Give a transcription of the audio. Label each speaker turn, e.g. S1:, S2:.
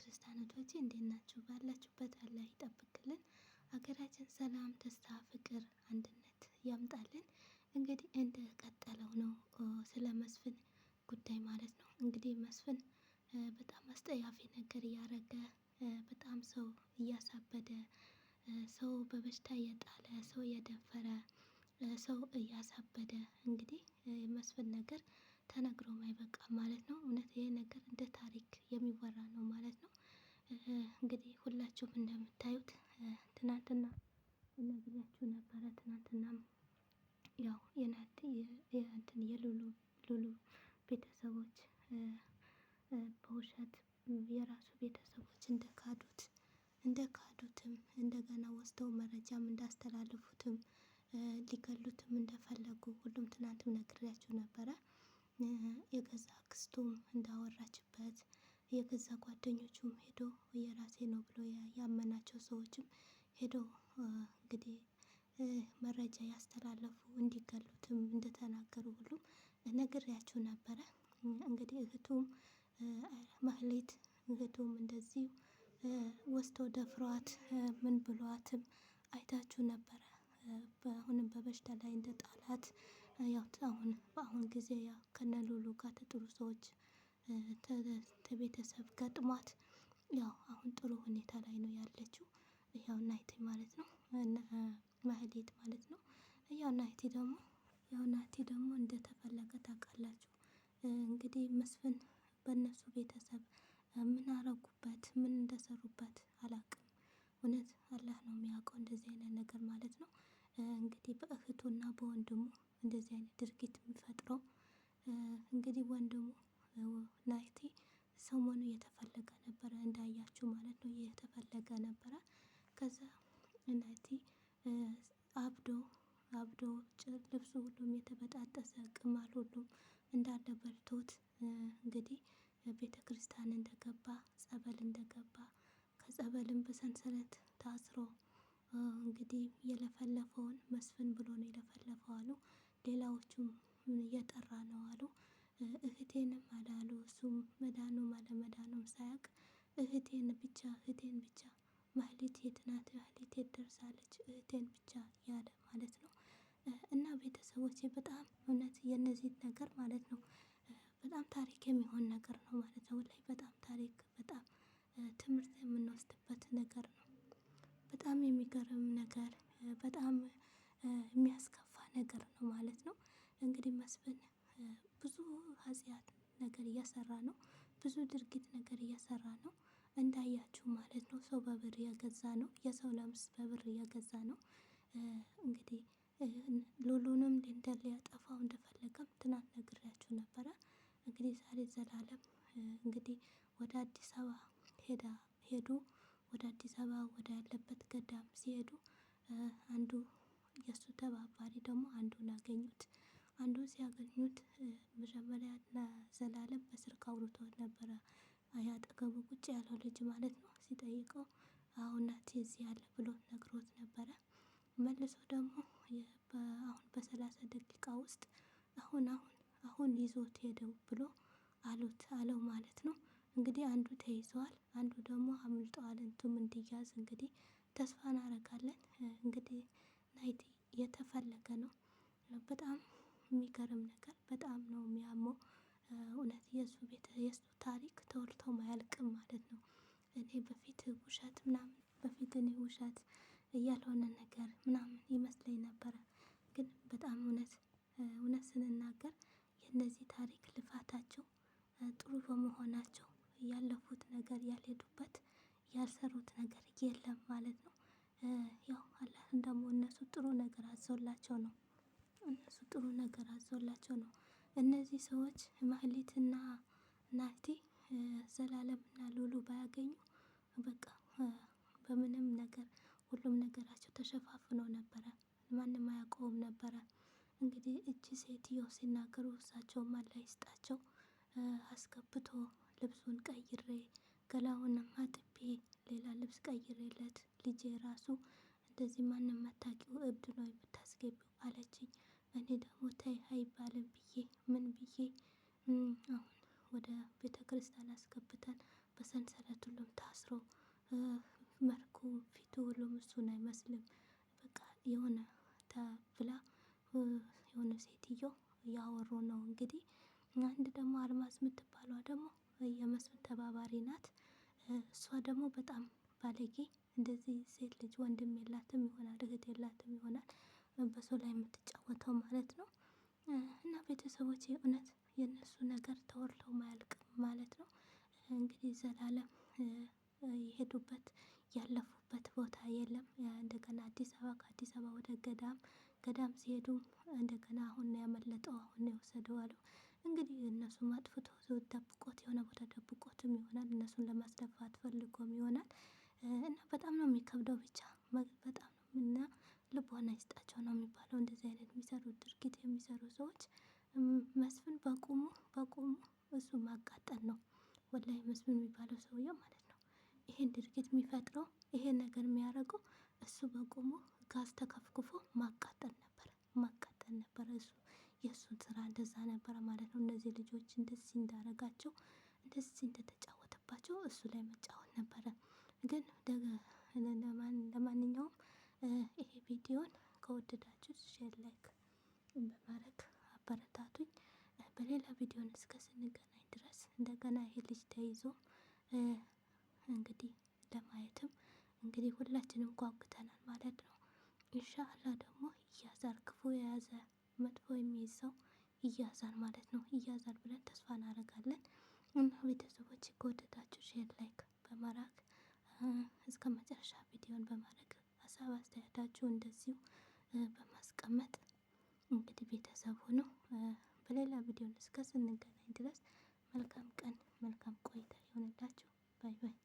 S1: ክርስቲያኖቶች እንዴት ናችሁ? ባላችሁበት አላህ ይጠብቅልን። ሀገራችን ሰላም፣ ደስታ፣ ፍቅር፣ አንድነት ያምጣልን። እንግዲህ እንደቀጠለው ነው ስለ መስፍን ጉዳይ ማለት ነው። እንግዲህ መስፍን በጣም አስጠያፊ ነገር እያረገ በጣም ሰው እያሳበደ ሰው በበሽታ የጣለ ሰው የደፈረ ሰው እያሳበደ እንግዲህ የመስፍን ነገር ተነግሮ አይበቃም ማለት ነው። እውነት ይህ ነገር እንደ ታሪክ የሚወራ ነው ማለት ነው። እንግዲህ ሁላችሁም እንደምታዩት ትናንትና ነግሬያችሁ ነበረ። ትናንትና ያው የእንትን የሉሉ ቤተሰቦች በውሸት የራሱ ቤተሰቦች እንደካዱት እንደካዱትም እንደገና ወስደው መረጃም እንዳስተላለፉትም ሊገሉትም እንደፈለጉ ሁሉም ትናንትም ነግሬያችሁ ነበረ። የገዛ አክስቱም እንዳወራችበት የገዛ ጓደኞቹም ሄዶ የራሴ ነው ብሎ ያመናቸው ሰዎችም ሄዶ እንግዲህ መረጃ ያስተላለፉ እንዲገሉትም እንደተናገሩ ሁሉም ነግሬያችሁ ነበረ። እንግዲህ እህቱም ማህሌት እህቱም እንደዚህ ወስዶ ደፍሯት ምን ብሏትም አይታችሁ ነበረ። አሁንም በበሽታ ላይ እንደ ጣላት ያው አሁን በአሁን ጊዜ ያው ጋር ተጥሩ ሰዎች ከቤተሰብ ገጥሟት ያው አሁን ጥሩ ሁኔታ ላይ ነው ያለችው። ያው ናይቲ ማለት ነው ማህሌት ማለት ነው። ያው ናይቲ ደግሞ ያው ናይቲ ደግሞ እንደተፈለገ ታውቃላችሁ። እንግዲህ መስፍን በእነሱ ቤተሰብ ምን አረጉበት ምን እንደሰሩበት አላውቅም። እውነት አላህ ነው የሚያውቀው እንደዚህ አይነት ነገር ማለት ነው። እንግዲህ በእህቱና በወንድሙ እንደዚህ አይነት ድርጊት የሚፈጥረው እንግዲህ ወንድሙ ናይቲ ሰሞኑ እየተፈለገ ነበረ እንዳያችሁ ማለት ነው። እየተፈለገ ነበረ። ከዛ ናይቲ አብዶ አብዶ ልብሱ ሁሉም የተበጣጠሰ ቅማል ሁሉም እንዳለ በልቶት እንግዲህ ቤተ ክርስቲያን እንደገባ ጸበል እንደገባ ከጸበልም በሰንሰለት ታስሮ እንግዲህ የለፈለፈውን መስፍን ብሎ ነው የለፈለፈው አሉ። ሌላዎቹም እየጠራ ነው አሉ። እህቴንም አላሉ። እሱም መዳኑም አለመዳኑም ሳያውቅ እህቴን ብቻ እህቴን ብቻ ማህሌት የት ናት? ማህሌት የት ደርሳለች? እህቴን ብቻ ያለ ማለት ነው። እና ቤተሰቦች በጣም እውነት የነዚህ ነገር ማለት ነው በጣም ታሪክ የሚሆን ነገር ነው ማለት ነው። ላይ በጣም ታሪክ በጣም ትምህርት የምንወስድበት ነገር ነው። በጣም የሚገርም ነገር፣ በጣም የሚያስከፋ ነገር ነው ማለት ነው። እንግዲህ መስፍን ብዙ ኃጢአት ነገር እያሰራ ነው። ብዙ ድርጊት ነገር እያሰራ ነው እንዳያችሁ ማለት ነው። ሰው በብር እያገዛ ነው። የሰው ለምስ በብር እያገዛ ነው። እንግዲህ ሉሉንም ሊንደር ሊያጠፋው እንደፈለገም ትናንት ነግሬያችሁ ነበረ። እንግዲህ ዛሬ ዘላለም እንግዲህ ወደ አዲስ አበባ ሄዱ ወደ አዲስ አበባ ወደ ያለበት ገዳም ሲሄዱ አንዱ የእሱ ተባባሪ ደግሞ አንዱን አገኙት። አንዱን ሲያገኙት መጀመሪያ ለዘላለም በስልክ አውርቶት ነበረ። ያጠገቡ ቁጭ ያለው ልጅ ማለት ነው። ሲጠይቀው አዎ እናቴ እዚህ ብሎ ነግሮት ነበረ። መልሶ ደግሞ አሁን በሰላሳ ደቂቃ ውስጥ አሁን አሁን አሁን ይዞት ሄደው ብሎ አሉት አለው ማለት ነው። እንግዲህ አንዱ ተይዘዋል፣ አንዱ ደግሞ አምልጠዋል። እንቱም እንዲያዝ እንግዲህ ተስፋ እናደርጋለን። እንግዲህ ናይት የተፈለገ ነው። በጣም የሚገርም ነገር በጣም ነው የሚያመው። እውነት የእሱ ቤት የእሱ ታሪክ ተወርቶ ማያልቅም ማለት ነው። እኔ በፊት ውሸት ምናምን በፊት እኔ ውሸት ያልሆነ ነገር ምናምን ይመስለኝ ነበረ። ግን በጣም እውነት እውነት ስንናገር የእነዚህ ታሪክ ልፋታቸው ጥሩ በመሆናቸው ያለፉት ነገር ያልሄዱበት ያልሰሩት ነገር የለም ማለት ነው። ያው አላህ ደግሞ እነሱ ጥሩ ነገር አዘውላቸው ነው እነሱ ጥሩ ነገር አዘውላቸው ነው። እነዚህ ሰዎች ማህሌትና ናቲ ዘላለምና ሉሉ ባያገኙ በቃ በምንም ነገር ሁሉም ነገራቸው ተሸፋፍኖ ነበረ። ማንም አያውቀውም ነበረ። እንግዲህ እቺ ሴትዮ ሲናገሩ እሳቸውም አላህ ይስጣቸው አስገብቶ ልብሱን ቀይሬ ገላውንም አጥቤ ሌላ ልብስ ቀይሬለት ልጄ ራሱ እንደዚህ ማንም አታውቂው እብድ ነው የምታስገቢው አለችኝ። እኔ ደግሞ ተይ አይባልም ብዬ ምን ብዬ አሁን ወደ ቤተ ክርስቲያን አስገብተን በሰንሰለት ሁሉም ታስሮ መልኩ ፊቱ ሁሉም እሱን አይመስልም። በቃ የሆነ ተብላ የሆነ ሴትዮ እያወሩ ነው እንግዲህ አንድ ደግሞ አልማዝ የምትባሏ ደግሞ የመስፍን ተባባሪ ናት። እሷ ደግሞ በጣም ባለጌ እንደዚህ ሴት ልጅ ወንድም የላትም ይሆናል እህት የላትም ይሆናል በሰው ላይ የምትጫወተው ማለት ነው። እና ቤተሰቦች የእውነት የእነሱ ነገር ተወርተው ማያልቅ ማለት ነው። እንግዲህ ዘላለም የሄዱበት ያለፉበት ቦታ የለም። እንደገና አዲስ አበባ ከአዲስ አበባ ወደ ገዳም ገዳም ሲሄዱ እንደገና አሁን ያመለጠው አሁን ነው የወሰደው አሉ። እንግዲህ እነሱም አጥፍቶ ደብቆት የሆነ ቦታ ደብቆትም ይሆናል እነሱን ለማስደፋት ፈልጎም ይሆናል እና በጣም ነው የሚከብደው። ብቻ በጣም እና ልቦና ይስጣቸው ነው የሚባለው። እንደዚህ አይነት የሚሰሩ ድርጊት የሚሰሩ ሰዎች መስፍን በቁሙ በቁሙ እሱ ማቃጠል ነው ወላይ መስፍን የሚባለው ሰውዬው ማለት ነው። ይሄን ድርጊት የሚፈጥረው ይሄን ነገር የሚያደርገው እሱ በቁሙ ጋዝ ተከፍክፎ ማቃጠል ነበር ማቃጠል ነበር። እሱ የእሱን ስራ እንደዛ ነበረ ማለት ነው። እነዚህ ልጆች እንደዚህ እንዳረጋቸው እንደዚህ እንደተጫወተባቸው እሱ ላይ መጫወት ነበረ። ግን ለማንኛውም ይሄ ቪዲዮን ከወደዳችሁ ሼር፣ ላይክ በማድረግ አበረታቱኝ። በሌላ ቪዲዮን እስከ ስንገናኝ ድረስ እንደገና ይሄ ልጅ ተይዞ እንግዲህ ለማየትም እንግዲህ ሁላችንም ጓጉተናል ማለት ነው። ኢንሻአላህ ደግሞ እያዛር ክፉ የያዘ መጥፎ የሚይዝ ሰው ይያዛል ማለት ነው። ይያዛል ብለን ተስፋ እናደርጋለን። እና ቤተሰቦች ከወደዳችሁ ሼር፣ ላይክ በማድረግ እስከ መጨረሻ ቪዲዮን በማድረግ ሀሳብ አስተያየታችሁ እንደዚሁ በማስቀመጥ እንግዲህ ቤተሰቡ ነው። በሌላ ቪዲዮ እስከ ስንገናኝ ድረስ መልካም ቀን መልካም ቆይታ ይሆንላችሁ። ባይ ባይ።